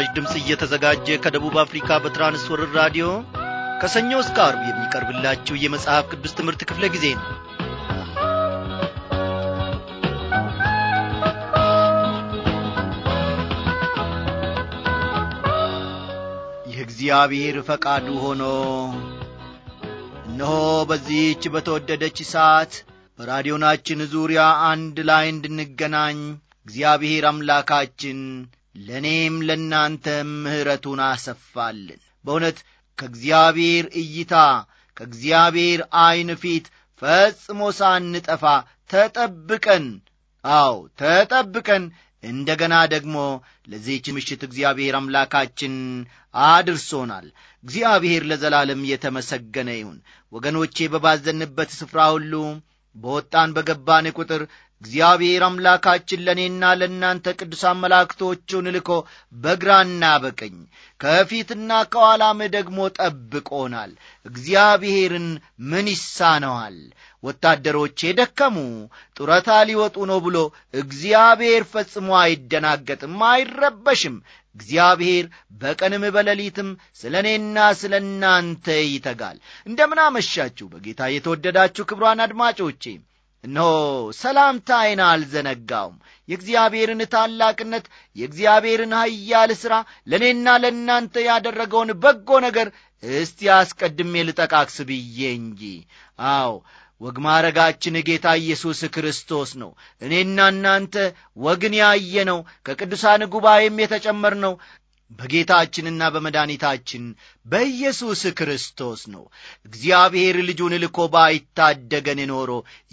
ለመስራች ድምፅ እየተዘጋጀ ከደቡብ አፍሪካ በትራንስወርር ራዲዮ ከሰኞ እስከ አርብ የሚቀርብላችሁ የመጽሐፍ ቅዱስ ትምህርት ክፍለ ጊዜ ነው የእግዚአብሔር ፈቃዱ ሆኖ እነሆ በዚህች በተወደደች ሰዓት በራዲዮናችን ዙሪያ አንድ ላይ እንድንገናኝ እግዚአብሔር አምላካችን ለእኔም ለእናንተ ምሕረቱን አሰፋልን። በእውነት ከእግዚአብሔር እይታ ከእግዚአብሔር ዐይን ፊት ፈጽሞ ሳንጠፋ ተጠብቀን፣ አዎ ተጠብቀን እንደ ገና ደግሞ ለዚህች ምሽት እግዚአብሔር አምላካችን አድርሶናል። እግዚአብሔር ለዘላለም የተመሰገነ ይሁን። ወገኖቼ በባዘንበት ስፍራ ሁሉ በወጣን በገባን ቁጥር እግዚአብሔር አምላካችን ለእኔና ለእናንተ ቅዱሳን መላእክቶቹን ልኮ በግራና በቀኝ ከፊትና ከኋላም ደግሞ ጠብቆናል። እግዚአብሔርን ምን ይሳነዋል? ወታደሮቼ ደከሙ፣ ጡረታ ሊወጡ ነው ብሎ እግዚአብሔር ፈጽሞ አይደናገጥም፣ አይረበሽም። እግዚአብሔር በቀንም በሌሊትም ስለ እኔና ስለ እናንተ ይተጋል። እንደምን አመሻችሁ በጌታ የተወደዳችሁ ክብሯን አድማጮቼ እነሆ ሰላምታዬን አልዘነጋውም የእግዚአብሔርን ታላቅነት የእግዚአብሔርን ኀያል ሥራ ለእኔና ለእናንተ ያደረገውን በጎ ነገር እስቲ አስቀድሜ ልጠቃቅስ ብዬ እንጂ አዎ ወግ ማረጋችን ጌታ ኢየሱስ ክርስቶስ ነው እኔና እናንተ ወግን ያየነው ከቅዱሳን ጉባኤም ነው በጌታችንና በመድኃኒታችን በኢየሱስ ክርስቶስ ነው። እግዚአብሔር ልጁን ልኮ ባይታደገን ኖሮ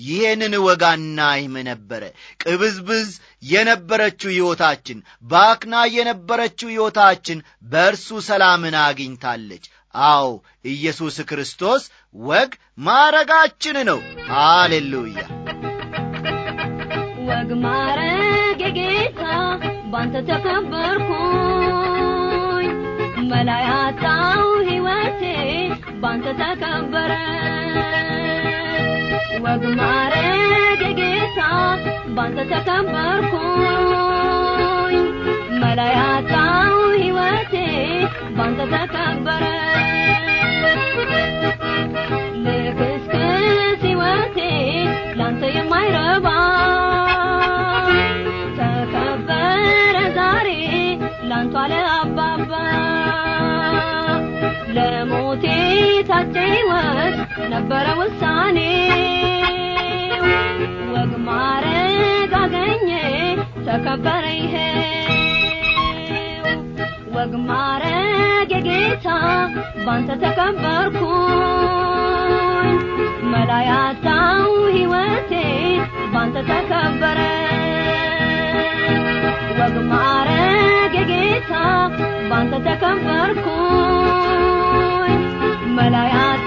ይህንን ወጋና ይም ነበረ። ቅብዝብዝ የነበረችው ሕይወታችን፣ ባክና የነበረችው ሕይወታችን በእርሱ ሰላምን አግኝታለች። አዎ ኢየሱስ ክርስቶስ ወግ ማረጋችን ነው። ሃሌሉያ ወግ ማረግ ጌታ ባንተ ተከበርኩ मलाई हाऊ हिवा बन्द चाबरा बङ्गर खो मलाई यहाँ हिवा बङ्ग छ कम्बर ነበረ ውሳኔ ወግ ማረግ አገኘ ተከበረ ይሄ ወግ ማረግ የጌታ ባንተ ተከበርኩኝ መላያታው ህይወቴ ባንተ ተከበረ ወግ ማረግ የጌታ ባንተ ተከበርኩኝ መላያታ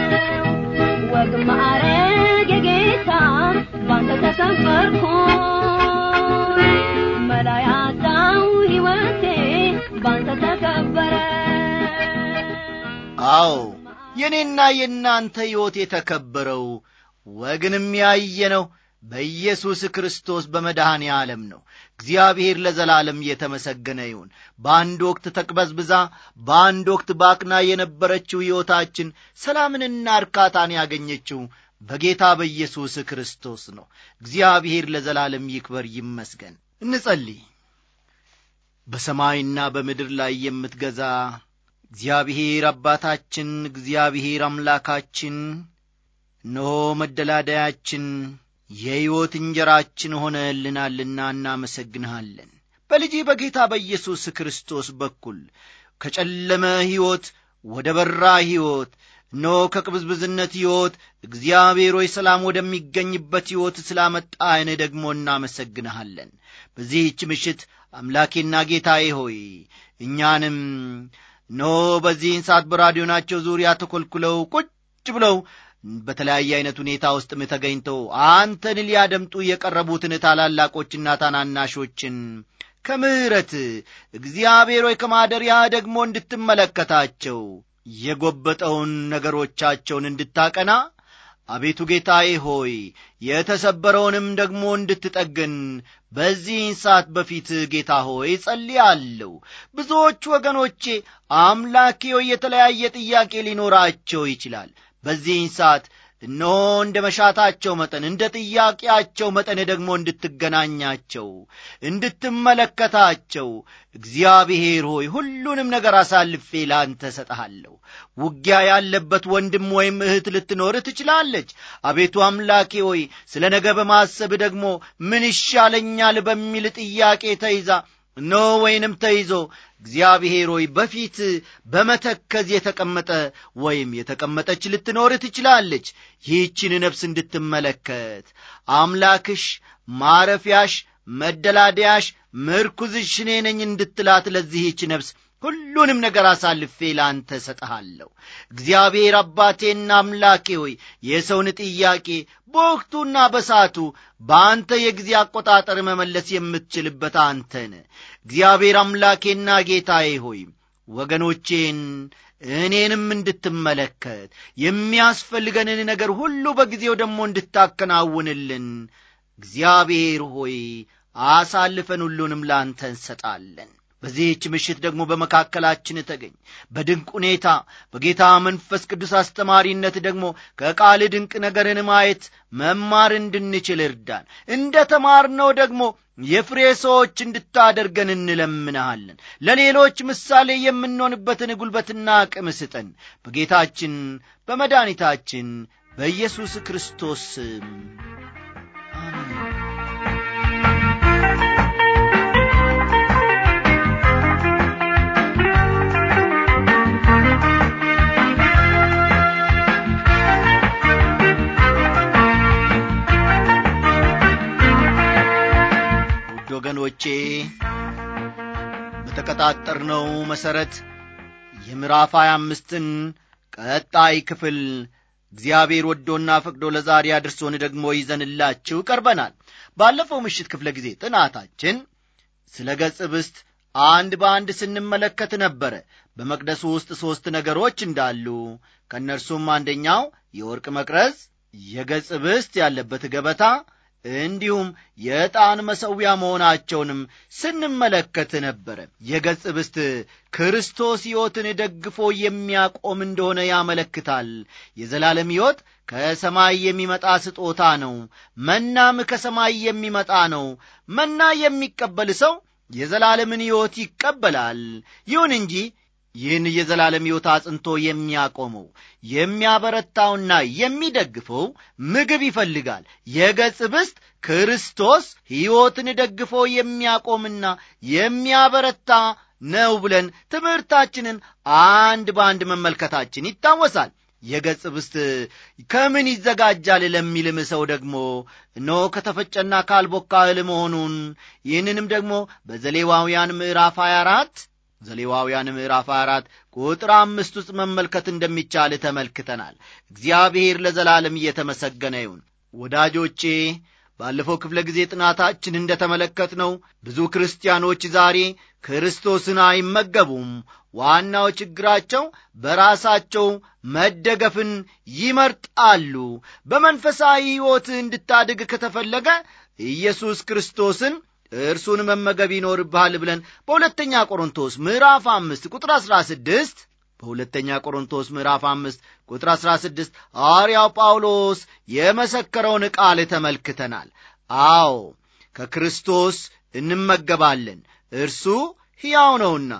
ማዕረግ የጌታ ባንተ ተከበርኩኝ መላ ሕይወቴ ባንተ ተከበረ አዎ የእኔና የእናንተ ሕይወት የተከበረው ወግንም ያየነው በኢየሱስ ክርስቶስ በመድኃኔ ዓለም ነው እግዚአብሔር ለዘላለም የተመሰገነ ይሁን። በአንድ ወቅት ተቅበዝብዛ፣ በአንድ ወቅት ባክና የነበረችው ሕይወታችን ሰላምንና እርካታን ያገኘችው በጌታ በኢየሱስ ክርስቶስ ነው። እግዚአብሔር ለዘላለም ይክበር ይመስገን። እንጸልይ። በሰማይና በምድር ላይ የምትገዛ እግዚአብሔር አባታችን፣ እግዚአብሔር አምላካችን፣ እነሆ መደላደያችን የሕይወት እንጀራችን ሆነህልናልና እናመሰግንሃለን። በልጅህ በጌታ በኢየሱስ ክርስቶስ በኩል ከጨለመ ሕይወት ወደ በራ ሕይወት ኖ ከቅብዝብዝነት ሕይወት እግዚአብሔር ሆይ ሰላም ወደሚገኝበት ሕይወት ስላመጣ ስላመጣህን ደግሞ እናመሰግንሃለን። በዚህች ምሽት አምላኬና ጌታዬ ሆይ እኛንም ኖ በዚህን ሰዓት በራዲዮናቸው ዙሪያ ተኰልኩለው ቁጭ ብለው በተለያየ አይነት ሁኔታ ውስጥም ተገኝተው አንተን ሊያደምጡ የቀረቡትን ታላላቆችና ታናናሾችን ከምሕረት እግዚአብሔር ወይ ከማደሪያ ደግሞ እንድትመለከታቸው የጎበጠውን ነገሮቻቸውን እንድታቀና አቤቱ ጌታዬ ሆይ የተሰበረውንም ደግሞ እንድትጠግን በዚህን ሰዓት በፊት ጌታ ሆይ ጸልያለሁ። ብዙዎች ወገኖቼ አምላኬ ሆይ የተለያየ ጥያቄ ሊኖራቸው ይችላል። በዚህን ሰዓት እነሆ እንደ መሻታቸው መጠን እንደ ጥያቄያቸው መጠን ደግሞ እንድትገናኛቸው እንድትመለከታቸው እግዚአብሔር ሆይ ሁሉንም ነገር አሳልፌ ለአንተ ሰጠሃለሁ ውጊያ ያለበት ወንድም ወይም እህት ልትኖር ትችላለች። አቤቱ አምላኬ ሆይ ስለ ነገ በማሰብ ደግሞ ምን ይሻለኛል በሚል ጥያቄ ተይዛ እነሆ ወይንም ተይዞ እግዚአብሔር ሆይ በፊት በመተከዝ የተቀመጠ ወይም የተቀመጠች ልትኖር ትችላለች። ይህችን ነፍስ እንድትመለከት አምላክሽ ማረፊያሽ፣ መደላደያሽ፣ ምርኩዝሽ እኔ ነኝ እንድትላት ለዚህች ነፍስ ሁሉንም ነገር አሳልፌ ለአንተ እሰጠሃለሁ። እግዚአብሔር አባቴና አምላኬ ሆይ የሰውን ጥያቄ በወቅቱና በሳቱ በአንተ የጊዜ አቆጣጠር መመለስ የምትችልበት አንተ እግዚአብሔር አምላኬና ጌታዬ ሆይ ወገኖቼን እኔንም እንድትመለከት የሚያስፈልገንን ነገር ሁሉ በጊዜው ደግሞ እንድታከናውንልን እግዚአብሔር ሆይ አሳልፈን ሁሉንም ላንተ እንሰጣለን። በዚህች ምሽት ደግሞ በመካከላችን ተገኝ። በድንቅ ሁኔታ በጌታ መንፈስ ቅዱስ አስተማሪነት ደግሞ ከቃል ድንቅ ነገርን ማየት መማር እንድንችል እርዳን። እንደ ተማርነው ደግሞ የፍሬ ሰዎች እንድታደርገን እንለምንሃለን። ለሌሎች ምሳሌ የምንሆንበትን ጉልበትና አቅም ስጠን። በጌታችን በመድኃኒታችን በኢየሱስ ክርስቶስ ስም ባነጣጠርነው መሠረት የምዕራፍ ሃያ አምስትን ቀጣይ ክፍል እግዚአብሔር ወዶና ፈቅዶ ለዛሬ አድርሶን ደግሞ ይዘንላችሁ ቀርበናል። ባለፈው ምሽት ክፍለ ጊዜ ጥናታችን ስለ ገጽ ብስት አንድ በአንድ ስንመለከት ነበረ። በመቅደሱ ውስጥ ሦስት ነገሮች እንዳሉ ከእነርሱም አንደኛው የወርቅ መቅረዝ፣ የገጽ ብስት ያለበት ገበታ፣ እንዲሁም የዕጣን መሠዊያ መሆናቸውንም ስንመለከት ነበረ። የገጽ ብስት ክርስቶስ ሕይወትን ደግፎ የሚያቆም እንደሆነ ያመለክታል። የዘላለም ሕይወት ከሰማይ የሚመጣ ስጦታ ነው። መናም ከሰማይ የሚመጣ ነው። መና የሚቀበል ሰው የዘላለምን ሕይወት ይቀበላል። ይሁን እንጂ ይህን የዘላለም ሕይወት አጽንቶ የሚያቆመው የሚያበረታውና የሚደግፈው ምግብ ይፈልጋል። የገጽ ብስት ክርስቶስ ሕይወትን ደግፎ የሚያቆምና የሚያበረታ ነው ብለን ትምህርታችንን አንድ በአንድ መመልከታችን ይታወሳል። የገጽ ብስት ከምን ይዘጋጃል ለሚልም ሰው ደግሞ እነሆ ከተፈጨና ካልቦካ እህል መሆኑን ይህንንም ደግሞ በዘሌዋውያን ምዕራፍ 24 ዘሌዋውያን ምዕራፍ አራት ቁጥር አምስት ውስጥ መመልከት እንደሚቻል ተመልክተናል። እግዚአብሔር ለዘላለም እየተመሰገነ ይሁን። ወዳጆቼ ባለፈው ክፍለ ጊዜ ጥናታችን እንደ ነው ብዙ ክርስቲያኖች ዛሬ ክርስቶስን አይመገቡም። ዋናው ችግራቸው በራሳቸው መደገፍን ይመርጣሉ። በመንፈሳዊ ሕይወት እንድታድግ ከተፈለገ ኢየሱስ ክርስቶስን እርሱን መመገብ ይኖርብሃል ብለን በሁለተኛ ቆሮንቶስ ምዕራፍ አምስት ቁጥር አሥራ ስድስት በሁለተኛ ቆሮንቶስ ምዕራፍ አምስት ቁጥር አሥራ ስድስት አርያው ጳውሎስ የመሰከረውን ቃል ተመልክተናል። አዎ ከክርስቶስ እንመገባለን፣ እርሱ ሕያው ነውና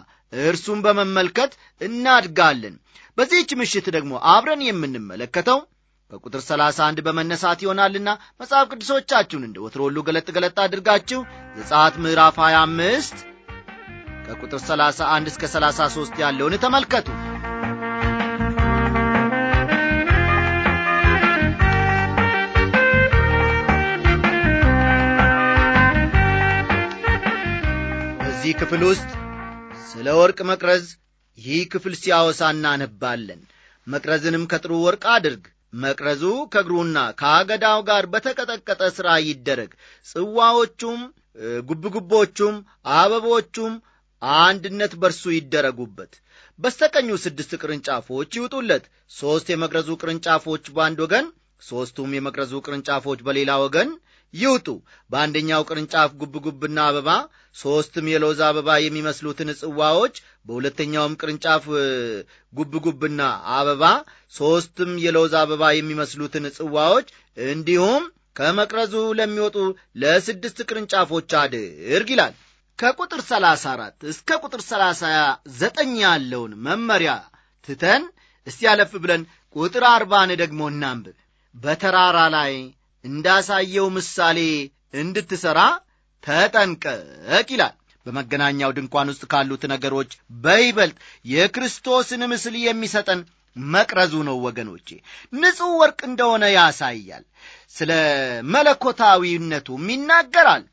እርሱን በመመልከት እናድጋለን። በዚህች ምሽት ደግሞ አብረን የምንመለከተው ከቁጥር 31 በመነሳት ይሆናልና መጽሐፍ ቅዱሶቻችሁን እንደ ወትሮ ሁሉ ገለጥ ገለጥ አድርጋችሁ ዘጸአት ምዕራፍ 25 ከቁጥር 31 እስከ 33 ያለውን ተመልከቱ በዚህ ክፍል ውስጥ ስለ ወርቅ መቅረዝ ይህ ክፍል ሲያወሳ እናነባለን መቅረዝንም ከጥሩ ወርቅ አድርግ መቅረዙ ከእግሩና ከአገዳው ጋር በተቀጠቀጠ ሥራ ይደረግ። ጽዋዎቹም ጉብጉቦቹም አበቦቹም አንድነት በርሱ ይደረጉበት። በስተቀኙ ስድስት ቅርንጫፎች ይውጡለት። ሦስት የመቅረዙ ቅርንጫፎች በአንድ ወገን፣ ሦስቱም የመቅረዙ ቅርንጫፎች በሌላ ወገን ይውጡ። በአንደኛው ቅርንጫፍ ጉብጉብና አበባ፣ ሦስትም የሎዝ አበባ የሚመስሉትን ጽዋዎች በሁለተኛውም ቅርንጫፍ ጉብጉብና አበባ ሦስትም የሎዝ አበባ የሚመስሉትን ጽዋዎች እንዲሁም ከመቅረዙ ለሚወጡ ለስድስት ቅርንጫፎች አድርግ ይላል። ከቁጥር 34 እስከ ቁጥር 39 ያለውን መመሪያ ትተን እስቲ ያለፍ ብለን ቁጥር አርባን ደግሞ እናንብብ። በተራራ ላይ እንዳሳየው ምሳሌ እንድትሠራ ተጠንቀቅ ይላል። በመገናኛው ድንኳን ውስጥ ካሉት ነገሮች በይበልጥ የክርስቶስን ምስል የሚሰጠን መቅረዙ ነው ወገኖቼ። ንጹሕ ወርቅ እንደሆነ ያሳያል። ስለ መለኮታዊነቱም ይናገራል።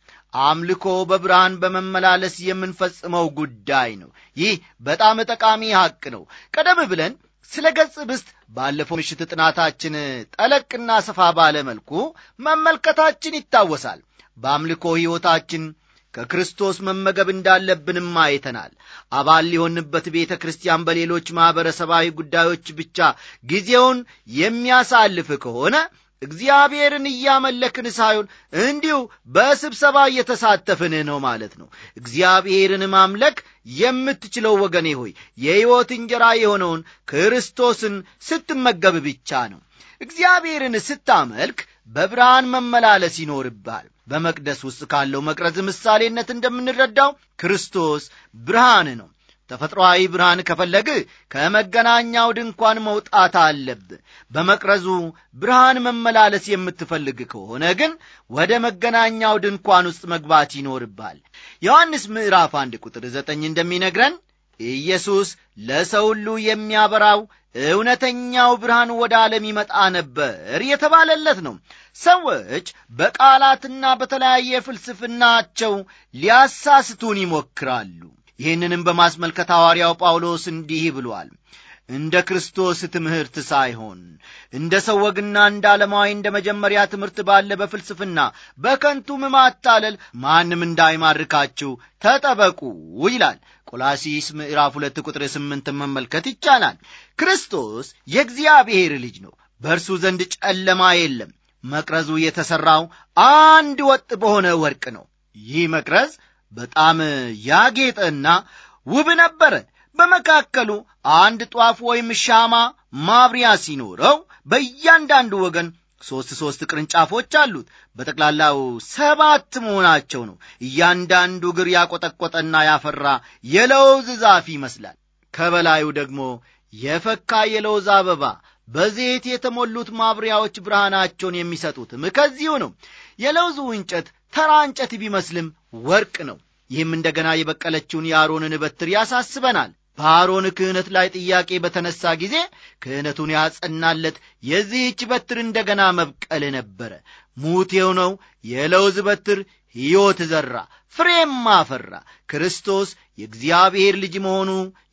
አምልኮ በብርሃን በመመላለስ የምንፈጽመው ጉዳይ ነው። ይህ በጣም ጠቃሚ ሐቅ ነው። ቀደም ብለን ስለ ገጽ ብስት ባለፈው ምሽት ጥናታችን ጠለቅና ሰፋ ባለ መልኩ መመልከታችን ይታወሳል። በአምልኮ ሕይወታችን ከክርስቶስ መመገብ እንዳለብንም አይተናል። አባል ሊሆንበት ቤተ ክርስቲያን በሌሎች ማኅበረሰባዊ ጉዳዮች ብቻ ጊዜውን የሚያሳልፍ ከሆነ እግዚአብሔርን እያመለክን ሳይሆን እንዲሁ በስብሰባ እየተሳተፍን ነው ማለት ነው። እግዚአብሔርን ማምለክ የምትችለው ወገኔ ሆይ የሕይወት እንጀራ የሆነውን ክርስቶስን ስትመገብ ብቻ ነው። እግዚአብሔርን ስታመልክ በብርሃን መመላለስ ይኖርባል። በመቅደስ ውስጥ ካለው መቅረዝ ምሳሌነት እንደምንረዳው ክርስቶስ ብርሃን ነው። ተፈጥሮአዊ ብርሃን ከፈለግ ከመገናኛው ድንኳን መውጣት አለብ። በመቅረዙ ብርሃን መመላለስ የምትፈልግ ከሆነ ግን ወደ መገናኛው ድንኳን ውስጥ መግባት ይኖርባል። ዮሐንስ ምዕራፍ አንድ ቁጥር ዘጠኝ እንደሚነግረን ኢየሱስ ለሰው ሁሉ የሚያበራው እውነተኛው ብርሃን ወደ ዓለም ይመጣ ነበር የተባለለት ነው። ሰዎች በቃላትና በተለያየ ፍልስፍናቸው ሊያሳስቱን ይሞክራሉ። ይህንንም በማስመልከት ሐዋርያው ጳውሎስ እንዲህ ብሏል። እንደ ክርስቶስ ትምህርት ሳይሆን እንደ ሰው ወግና እንደ ዓለማዊ እንደ መጀመሪያ ትምህርት ባለ በፍልስፍና በከንቱ ምማታለል ማንም እንዳይማርካችሁ ተጠበቁ ይላል። ቆላሲስ ምዕራፍ ሁለት ቁጥር ስምንት መመልከት ይቻላል። ክርስቶስ የእግዚአብሔር ልጅ ነው። በእርሱ ዘንድ ጨለማ የለም። መቅረዙ የተሠራው አንድ ወጥ በሆነ ወርቅ ነው። ይህ መቅረዝ በጣም ያጌጠና ውብ ነበረ። በመካከሉ አንድ ጧፍ ወይም ሻማ ማብሪያ ሲኖረው በእያንዳንዱ ወገን ሦስት ሦስት ቅርንጫፎች አሉት። በጠቅላላው ሰባት መሆናቸው ነው። እያንዳንዱ እግር ያቆጠቆጠና ያፈራ የለውዝ ዛፍ ይመስላል። ከበላዩ ደግሞ የፈካ የለውዝ አበባ በዘይት የተሞሉት ማብሪያዎች ብርሃናቸውን የሚሰጡትም ከዚሁ ነው። የለውዙ እንጨት ተራ እንጨት ቢመስልም ወርቅ ነው። ይህም እንደገና የበቀለችውን የአሮንን በትር ያሳስበናል። በአሮን ክህነት ላይ ጥያቄ በተነሳ ጊዜ ክህነቱን ያጸናለት የዚህች በትር እንደገና መብቀል ነበረ። ሙት የሆነው የለውዝ በትር ሕይወት ዘራ፣ ፍሬም አፈራ። ክርስቶስ የእግዚአብሔር ልጅ መሆኑ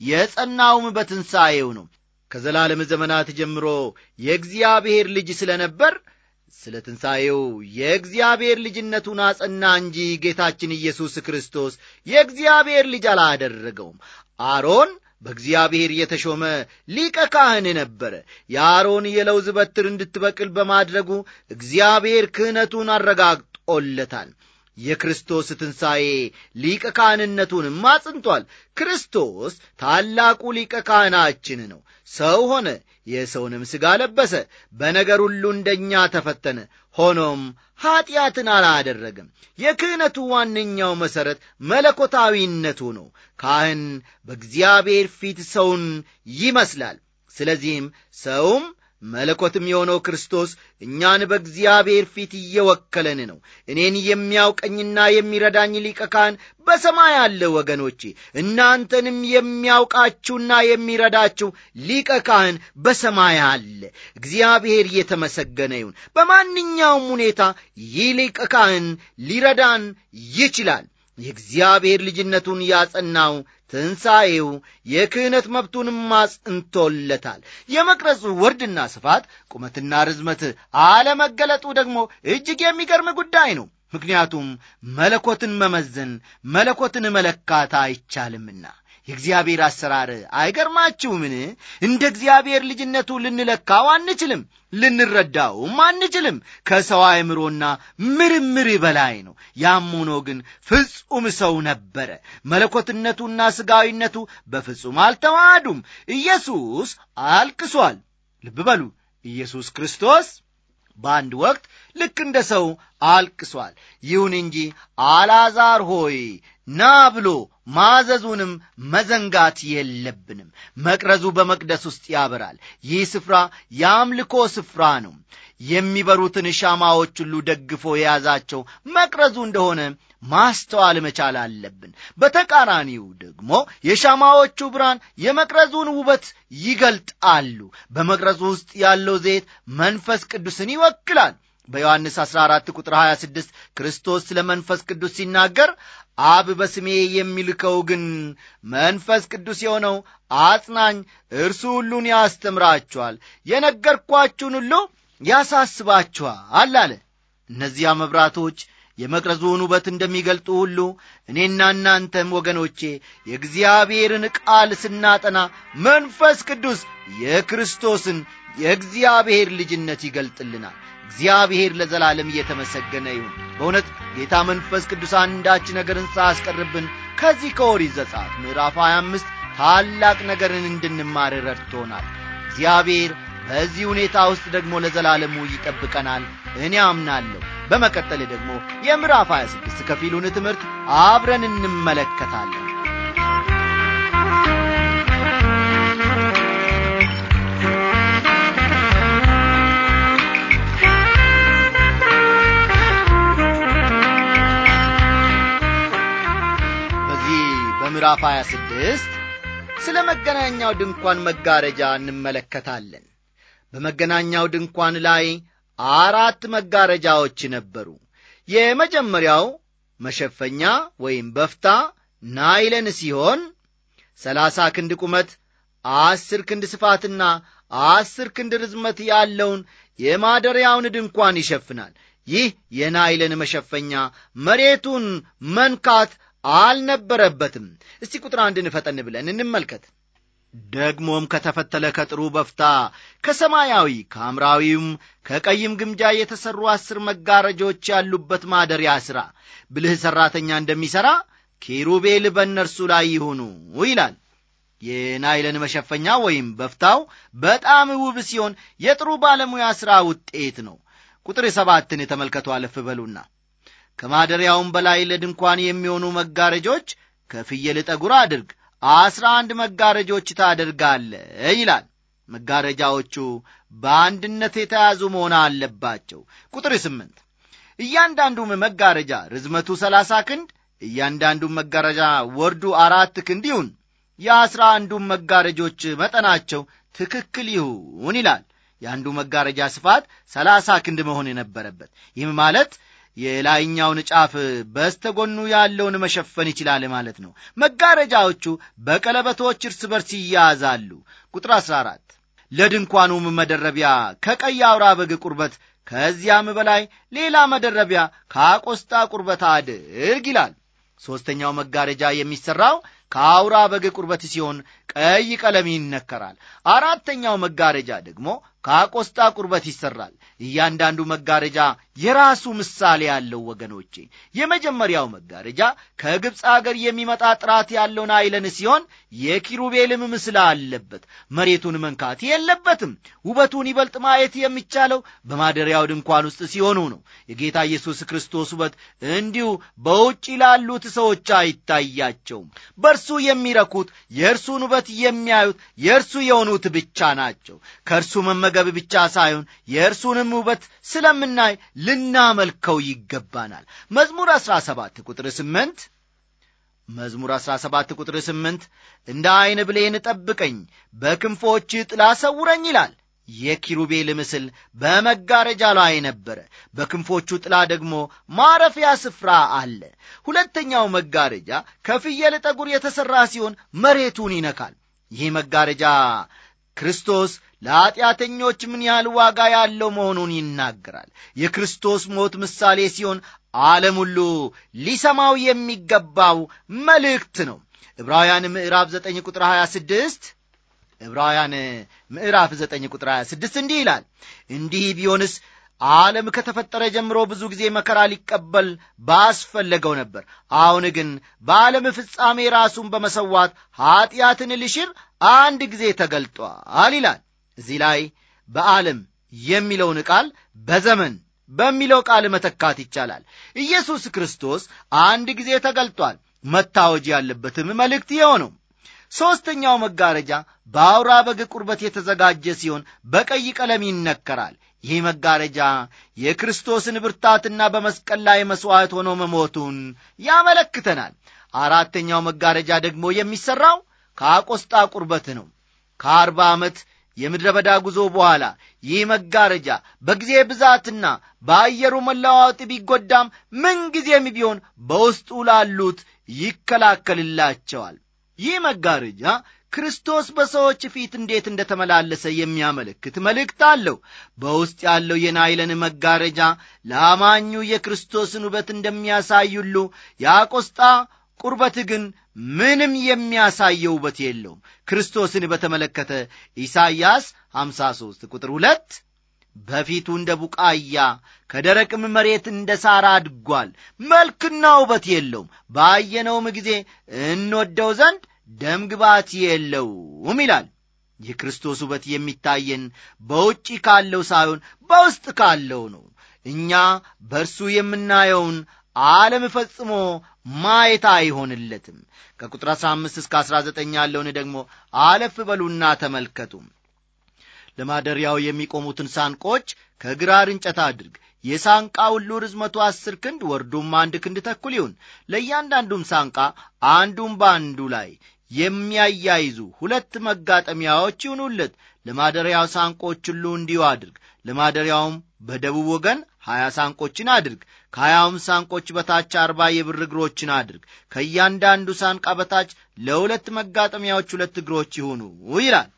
የጸናውም በትንሣኤው ነው። ከዘላለም ዘመናት ጀምሮ የእግዚአብሔር ልጅ ስለ ነበር ስለ ትንሣኤው የእግዚአብሔር ልጅነቱን አጸና እንጂ ጌታችን ኢየሱስ ክርስቶስ የእግዚአብሔር ልጅ አላደረገውም። አሮን በእግዚአብሔር የተሾመ ሊቀ ካህን ነበረ። የአሮን የለውዝ በትር እንድትበቅል በማድረጉ እግዚአብሔር ክህነቱን አረጋግጦለታል። የክርስቶስ ትንሣኤ ሊቀ ካህንነቱንም አጽንቷል። ክርስቶስ ታላቁ ሊቀ ካህናችን ነው። ሰው ሆነ፣ የሰውንም ሥጋ ለበሰ። በነገር ሁሉ እንደኛ ተፈተነ፣ ሆኖም ኀጢአትን አላደረገም። የክህነቱ ዋነኛው መሠረት መለኮታዊነቱ ነው። ካህን በእግዚአብሔር ፊት ሰውን ይመስላል። ስለዚህም ሰውም መለኮትም የሆነው ክርስቶስ እኛን በእግዚአብሔር ፊት እየወከለን ነው። እኔን የሚያውቀኝና የሚረዳኝ ሊቀ ካህን በሰማይ አለ። ወገኖቼ እናንተንም የሚያውቃችሁና የሚረዳችሁ ሊቀ ካህን በሰማይ አለ። እግዚአብሔር እየተመሰገነ ይሁን። በማንኛውም ሁኔታ ይህ ሊቀ ካህን ሊረዳን ይችላል። የእግዚአብሔር ልጅነቱን ያጸናው ትንሣኤው የክህነት መብቱንም አጽንቶለታል። የመቅረጹ ወርድና ስፋት ቁመትና ርዝመት አለመገለጡ ደግሞ እጅግ የሚገርም ጉዳይ ነው። ምክንያቱም መለኮትን መመዘን መለኮትን መለካት አይቻልምና የእግዚአብሔር አሰራር አይገርማችሁምን? እንደ እግዚአብሔር ልጅነቱ ልንለካው አንችልም፣ ልንረዳውም አንችልም። ከሰው አእምሮና ምርምር በላይ ነው። ያም ሆኖ ግን ፍጹም ሰው ነበረ። መለኮትነቱና ሥጋዊነቱ በፍጹም አልተዋሃዱም። ኢየሱስ አልቅሷል። ልብ በሉ፣ ኢየሱስ ክርስቶስ በአንድ ወቅት ልክ እንደ ሰው አልቅሷል። ይሁን እንጂ አልዓዛር ሆይ ና ብሎ ማዘዙንም መዘንጋት የለብንም። መቅረዙ በመቅደስ ውስጥ ያበራል። ይህ ስፍራ የአምልኮ ስፍራ ነው። የሚበሩትን ሻማዎች ሁሉ ደግፎ የያዛቸው መቅረዙ እንደሆነ ማስተዋል መቻል አለብን። በተቃራኒው ደግሞ የሻማዎቹ ብርሃን የመቅረዙን ውበት ይገልጣሉ። በመቅረዙ ውስጥ ያለው ዘይት መንፈስ ቅዱስን ይወክላል። በዮሐንስ 14 ቁጥር 26 ክርስቶስ ስለ መንፈስ ቅዱስ ሲናገር አብ በስሜ የሚልከው ግን መንፈስ ቅዱስ የሆነው አጽናኝ እርሱ ሁሉን ያስተምራችኋል፣ የነገርኳችሁን ሁሉ ያሳስባችኋል አለ። እነዚያ መብራቶች የመቅረዙን ውበት እንደሚገልጡ ሁሉ እኔና እናንተም ወገኖቼ የእግዚአብሔርን ቃል ስናጠና መንፈስ ቅዱስ የክርስቶስን የእግዚአብሔር ልጅነት ይገልጥልናል። እግዚአብሔር ለዘላለም እየተመሰገነ ይሁን። በእውነት ጌታ መንፈስ ቅዱስ አንዳች ነገርን ሳያስቀርብን ከዚህ ከኦሪት ዘጸአት ምዕራፍ 25 ታላቅ ነገርን እንድንማር ረድቶናል። እግዚአብሔር በዚህ ሁኔታ ውስጥ ደግሞ ለዘላለሙ ይጠብቀናል እኔ አምናለሁ። በመቀጠል ደግሞ የምዕራፍ 26 ከፊሉን ትምህርት አብረን እንመለከታለን። ምዕራፍ 26 ስለ መገናኛው ድንኳን መጋረጃ እንመለከታለን። በመገናኛው ድንኳን ላይ አራት መጋረጃዎች ነበሩ። የመጀመሪያው መሸፈኛ ወይም በፍታ ናይለን ሲሆን ሰላሳ ክንድ ቁመት አስር ክንድ ስፋትና አስር ክንድ ርዝመት ያለውን የማደሪያውን ድንኳን ይሸፍናል። ይህ የናይለን መሸፈኛ መሬቱን መንካት አልነበረበትም። እስቲ ቁጥር አንድን ፈጠን ብለን እንመልከት። ደግሞም ከተፈተለ ከጥሩ በፍታ ከሰማያዊ ከሐምራዊም ከቀይም ግምጃ የተሠሩ አስር መጋረጆች ያሉበት ማደሪያ ሥራ። ብልህ ሠራተኛ እንደሚሠራ ኪሩቤል በእነርሱ ላይ ይሁኑ ይላል። የናይለን መሸፈኛ ወይም በፍታው በጣም ውብ ሲሆን የጥሩ ባለሙያ ሥራ ውጤት ነው። ቁጥር ሰባትን የተመልከቱ አለፍ በሉና ከማደሪያውም በላይ ለድንኳን የሚሆኑ መጋረጆች ከፍየል ጠጉር አድርግ አስራ አንድ መጋረጆች ታደርጋለ ይላል። መጋረጃዎቹ በአንድነት የተያዙ መሆን አለባቸው። ቁጥር ስምንት እያንዳንዱም መጋረጃ ርዝመቱ ሰላሳ ክንድ እያንዳንዱም መጋረጃ ወርዱ አራት ክንድ ይሁን። የአስራ አንዱም መጋረጆች መጠናቸው ትክክል ይሁን ይላል። የአንዱ መጋረጃ ስፋት ሰላሳ ክንድ መሆን የነበረበት ይህም ማለት የላይኛውን ጫፍ በስተጎኑ ያለውን መሸፈን ይችላል ማለት ነው። መጋረጃዎቹ በቀለበቶች እርስ በርስ ይያያዛሉ። ቁጥር 14 ለድንኳኑም መደረቢያ ከቀይ አውራ በግ ቁርበት ከዚያም በላይ ሌላ መደረቢያ ከአቆስጣ ቁርበት አድርግ ይላል። ሦስተኛው መጋረጃ የሚሠራው ከአውራ በግ ቁርበት ሲሆን ቀይ ቀለም ይነከራል። አራተኛው መጋረጃ ደግሞ ከአቆስጣ ቁርበት ይሠራል። እያንዳንዱ መጋረጃ የራሱ ምሳሌ ያለው ወገኖቼ፣ የመጀመሪያው መጋረጃ ከግብፅ አገር የሚመጣ ጥራት ያለውን አይለን ሲሆን የኪሩቤልም ምስል አለበት። መሬቱን መንካት የለበትም። ውበቱን ይበልጥ ማየት የሚቻለው በማደሪያው ድንኳን ውስጥ ሲሆኑ ነው። የጌታ ኢየሱስ ክርስቶስ ውበት እንዲሁ በውጭ ላሉት ሰዎች አይታያቸውም። በእርሱ የሚረኩት የእርሱን ውበት የሚያዩት የእርሱ የሆኑት ብቻ ናቸው። ከእርሱ መመገ አጠገብ ብቻ ሳይሆን የእርሱንም ውበት ስለምናይ ልናመልከው ይገባናል መዝሙር 17 ቁጥር 8 መዝሙር 17 ቁጥር 8 እንደ ዐይን ብሌን ጠብቀኝ በክንፎች ጥላ ሰውረኝ ይላል የኪሩቤል ምስል በመጋረጃ ላይ ነበረ በክንፎቹ ጥላ ደግሞ ማረፊያ ስፍራ አለ ሁለተኛው መጋረጃ ከፍየል ጠጉር የተሠራ ሲሆን መሬቱን ይነካል ይህ መጋረጃ ክርስቶስ ለኀጢአተኞች ምን ያህል ዋጋ ያለው መሆኑን ይናገራል። የክርስቶስ ሞት ምሳሌ ሲሆን ዓለም ሁሉ ሊሰማው የሚገባው መልእክት ነው። ዕብራውያን ምዕራፍ 9 ቁጥር 26 ዕብራውያን ምዕራፍ 9 ቁጥር 26 እንዲህ ይላል፣ እንዲህ ቢሆንስ ዓለም ከተፈጠረ ጀምሮ ብዙ ጊዜ መከራ ሊቀበል ባስፈለገው ነበር። አሁን ግን በዓለም ፍጻሜ ራሱን በመሰዋት ኀጢአትን ሊሽር አንድ ጊዜ ተገልጧል ይላል። እዚህ ላይ በዓለም የሚለውን ቃል በዘመን በሚለው ቃል መተካት ይቻላል። ኢየሱስ ክርስቶስ አንድ ጊዜ ተገልጧል። መታወጅ ያለበትም መልእክት የሆነው ሦስተኛው መጋረጃ በአውራ በግ ቁርበት የተዘጋጀ ሲሆን በቀይ ቀለም ይነከራል። ይህ መጋረጃ የክርስቶስን ብርታትና በመስቀል ላይ መሥዋዕት ሆኖ መሞቱን ያመለክተናል። አራተኛው መጋረጃ ደግሞ የሚሠራው ከአቆስጣ ቁርበት ነው። ከአርባ ዓመት የምድረ በዳ ጉዞ በኋላ ይህ መጋረጃ በጊዜ ብዛትና በአየሩ መለዋወጥ ቢጎዳም ምንጊዜም ቢሆን በውስጡ ላሉት ይከላከልላቸዋል። ይህ መጋረጃ ክርስቶስ በሰዎች ፊት እንዴት እንደተመላለሰ የሚያመለክት መልእክት አለው። በውስጥ ያለው የናይለን መጋረጃ ለአማኙ የክርስቶስን ውበት እንደሚያሳይ ሁሉ የአቆስጣ ቁርበት ግን ምንም የሚያሳየው ውበት የለውም። ክርስቶስን በተመለከተ ኢሳይያስ 53 ቁጥር 2 በፊቱ እንደ ቡቃያ ከደረቅም መሬት እንደ ሳር አድጓል፣ መልክና ውበት የለውም፣ ባየነውም ጊዜ እንወደው ዘንድ ደም ግባት የለውም ይላል። የክርስቶስ ውበት የሚታየን በውጪ ካለው ሳይሆን በውስጥ ካለው ነው። እኛ በእርሱ የምናየውን ዓለም ፈጽሞ ማየት አይሆንለትም። ከቁጥር 15 እስከ 19 ያለውን ደግሞ አለፍ በሉና ተመልከቱ። ለማደሪያው የሚቆሙትን ሳንቆች ከግራር እንጨት አድርግ። የሳንቃ ሁሉ ርዝመቱ አስር ክንድ ወርዱም አንድ ክንድ ተኩል ይሁን። ለእያንዳንዱም ሳንቃ አንዱም በአንዱ ላይ የሚያያይዙ ሁለት መጋጠሚያዎች ይሁኑለት። ለማደሪያው ሳንቆች ሁሉ እንዲሁ አድርግ። ለማደሪያውም በደቡብ ወገን ሀያ ሳንቆችን አድርግ ከሀያውም ሳንቆች በታች አርባ የብር እግሮችን አድርግ ከእያንዳንዱ ሳንቃ በታች ለሁለት መጋጠሚያዎች ሁለት እግሮች ይሁኑ ይላል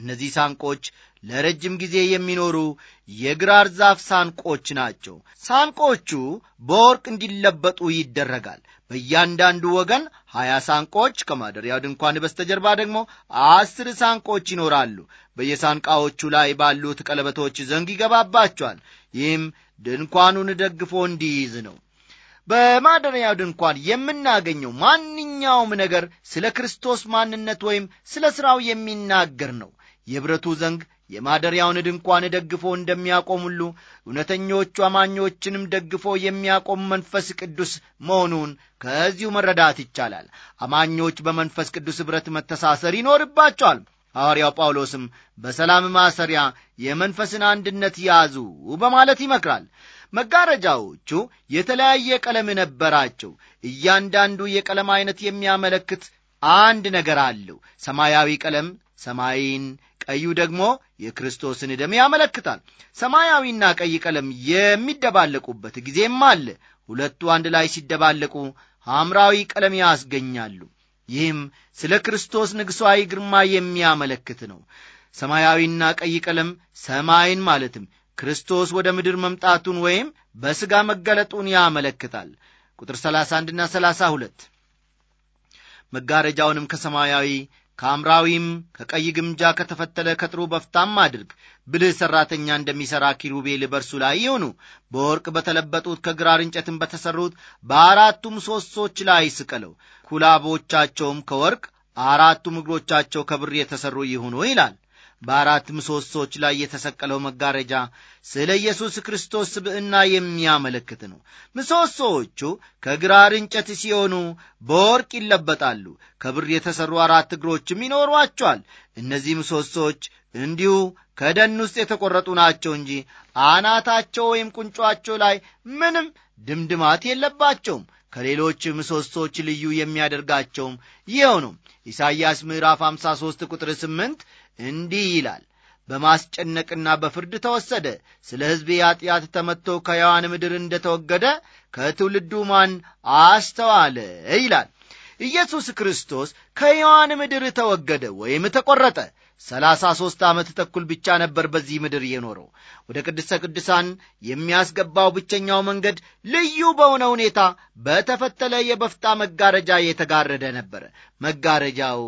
እነዚህ ሳንቆች ለረጅም ጊዜ የሚኖሩ የግራር ዛፍ ሳንቆች ናቸው ሳንቆቹ በወርቅ እንዲለበጡ ይደረጋል በእያንዳንዱ ወገን ሀያ ሳንቆች ከማደሪያው ድንኳን በስተጀርባ ደግሞ አስር ሳንቆች ይኖራሉ በየሳንቃዎቹ ላይ ባሉት ቀለበቶች ዘንግ ይገባባቸዋል ይህም ድንኳኑን ደግፎ እንዲይዝ ነው። በማደሪያው ድንኳን የምናገኘው ማንኛውም ነገር ስለ ክርስቶስ ማንነት ወይም ስለ ሥራው የሚናገር ነው። የብረቱ ዘንግ የማደሪያውን ድንኳን ደግፎ እንደሚያቆም ሁሉ እውነተኞቹ አማኞችንም ደግፎ የሚያቆም መንፈስ ቅዱስ መሆኑን ከዚሁ መረዳት ይቻላል። አማኞች በመንፈስ ቅዱስ ኅብረት መተሳሰር ይኖርባቸዋል። ሐዋርያው ጳውሎስም በሰላም ማሰሪያ የመንፈስን አንድነት ያዙ በማለት ይመክራል። መጋረጃዎቹ የተለያየ ቀለም ነበራቸው። እያንዳንዱ የቀለም ዐይነት የሚያመለክት አንድ ነገር አለው። ሰማያዊ ቀለም ሰማይን፣ ቀዩ ደግሞ የክርስቶስን ደም ያመለክታል። ሰማያዊና ቀይ ቀለም የሚደባለቁበት ጊዜም አለ። ሁለቱ አንድ ላይ ሲደባለቁ ሐምራዊ ቀለም ያስገኛሉ። ይህም ስለ ክርስቶስ ንግሥዋዊ ግርማ የሚያመለክት ነው። ሰማያዊና ቀይ ቀለም ሰማይን ማለትም ክርስቶስ ወደ ምድር መምጣቱን ወይም በሥጋ መገለጡን ያመለክታል። ቁጥር 31ና 32 መጋረጃውንም ከሰማያዊ ከአምራዊም ከቀይ ግምጃ ከተፈተለ ከጥሩ በፍታም አድርግ። ብልህ ሠራተኛ እንደሚሠራ ኪሩቤል በእርሱ ላይ ይሁኑ። በወርቅ በተለበጡት ከግራር እንጨትም በተሠሩት በአራቱም ሦስቶች ላይ ስቀለው። ኩላቦቻቸውም ከወርቅ አራቱም እግሮቻቸው ከብር የተሠሩ ይሁኑ ይላል። በአራት ምሶሶች ላይ የተሰቀለው መጋረጃ ስለ ኢየሱስ ክርስቶስ ስብዕና የሚያመለክት ነው። ምሰሶዎቹ ከግራር እንጨት ሲሆኑ በወርቅ ይለበጣሉ። ከብር የተሠሩ አራት እግሮችም ይኖሯቸዋል። እነዚህ ምሰሶዎች እንዲሁ ከደን ውስጥ የተቈረጡ ናቸው እንጂ አናታቸው ወይም ቁንጮአቸው ላይ ምንም ድምድማት የለባቸውም። ከሌሎች ምሶሶች ልዩ የሚያደርጋቸውም ይኸው ነው። ኢሳይያስ ምዕራፍ 53 ቁጥር 8 እንዲህ ይላል በማስጨነቅና በፍርድ ተወሰደ ስለ ሕዝቤ ኃጢአት ተመትቶ ከያዋን ምድር እንደ ተወገደ ከትውልዱ ማን አስተዋለ ይላል ኢየሱስ ክርስቶስ ከሕያዋን ምድር ተወገደ ወይም ተቈረጠ ሰላሳ ሦስት ዓመት ተኩል ብቻ ነበር በዚህ ምድር የኖረው። ወደ ቅድስተ ቅዱሳን የሚያስገባው ብቸኛው መንገድ ልዩ በሆነ ሁኔታ በተፈተለ የበፍታ መጋረጃ የተጋረደ ነበረ። መጋረጃው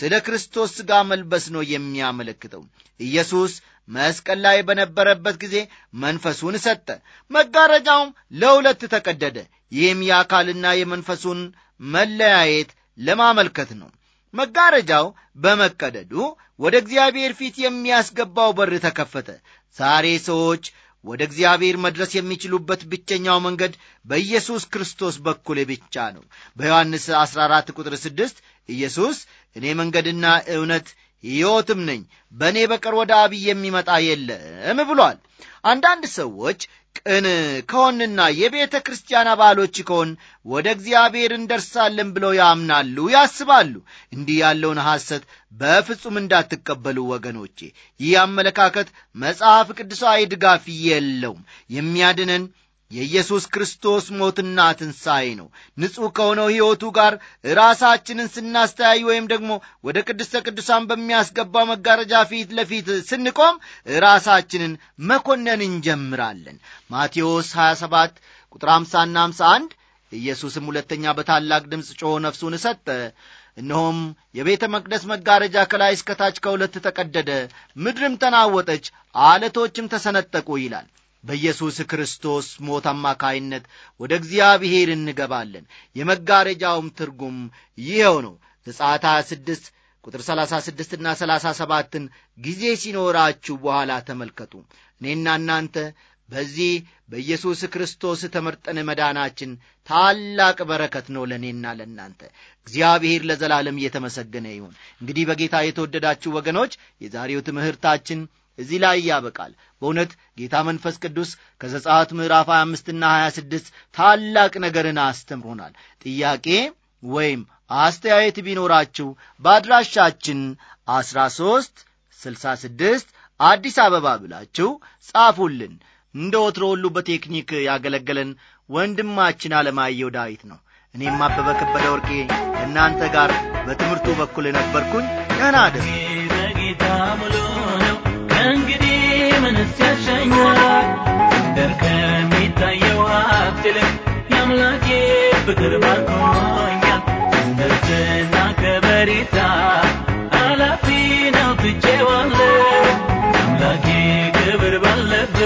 ስለ ክርስቶስ ሥጋ መልበስ ነው የሚያመለክተው። ኢየሱስ መስቀል ላይ በነበረበት ጊዜ መንፈሱን ሰጠ። መጋረጃውም ለሁለት ተቀደደ። ይህም የአካልና የመንፈሱን መለያየት ለማመልከት ነው። መጋረጃው በመቀደዱ ወደ እግዚአብሔር ፊት የሚያስገባው በር ተከፈተ። ዛሬ ሰዎች ወደ እግዚአብሔር መድረስ የሚችሉበት ብቸኛው መንገድ በኢየሱስ ክርስቶስ በኩል ብቻ ነው። በዮሐንስ 14 ቁጥር 6 ኢየሱስ እኔ መንገድና እውነት ሕይወትም ነኝ፣ በእኔ በቀር ወደ አብ የሚመጣ የለም ብሏል። አንዳንድ ሰዎች ቅን ከሆንና የቤተ ክርስቲያን አባሎች ከሆን ወደ እግዚአብሔር እንደርሳለን ብለው ያምናሉ፣ ያስባሉ። እንዲህ ያለውን ሐሰት በፍጹም እንዳትቀበሉ ወገኖቼ። ይህ አመለካከት መጽሐፍ ቅዱሳዊ ድጋፍ የለውም። የሚያድነን የኢየሱስ ክርስቶስ ሞትና ትንሣኤ ነው። ንጹሕ ከሆነው ሕይወቱ ጋር ራሳችንን ስናስተያይ ወይም ደግሞ ወደ ቅድስተ ቅዱሳን በሚያስገባው መጋረጃ ፊት ለፊት ስንቆም ራሳችንን መኮነን እንጀምራለን። ማቴዎስ 27 ቁጥር 50ና 51 ኢየሱስም ሁለተኛ በታላቅ ድምፅ ጮኾ ነፍሱን ሰጠ። እነሆም የቤተ መቅደስ መጋረጃ ከላይ እስከታች ከሁለት ተቀደደ፣ ምድርም ተናወጠች፣ አለቶችም ተሰነጠቁ ይላል። በኢየሱስ ክርስቶስ ሞት አማካይነት ወደ እግዚአብሔር እንገባለን። የመጋረጃውም ትርጉም ይኸው ነው። ዘጸአት 26 ቁጥር 36ና 37ን ጊዜ ሲኖራችሁ በኋላ ተመልከቱ። እኔና እናንተ በዚህ በኢየሱስ ክርስቶስ ተመርጠን መዳናችን ታላቅ በረከት ነው ለእኔና ለእናንተ። እግዚአብሔር ለዘላለም እየተመሰገነ ይሁን። እንግዲህ በጌታ የተወደዳችሁ ወገኖች የዛሬው ትምህርታችን እዚህ ላይ ያበቃል። በእውነት ጌታ መንፈስ ቅዱስ ከዘጸአት ምዕራፍ 25 እና 26 ታላቅ ነገርን አስተምሮናል። ጥያቄ ወይም አስተያየት ቢኖራችሁ በአድራሻችን 13 66 አዲስ አበባ ብላችሁ ጻፉልን። እንደ ወትሮ ሁሉ በቴክኒክ ያገለገለን ወንድማችን አለማየሁ ዳዊት ነው። እኔም አበበ ከበደ ወርቄ እናንተ ጋር በትምህርቱ በኩል የነበርኩኝ። ደህና ደሩ። ስትሸኛል ከሚታየው አትልም የአምላኬ ፍቅር ባርኮኛል ደስና ከበሪታ አላፊ ነው ትቼዋለሁ አምላኬ ክብር ባለበት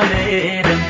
علينا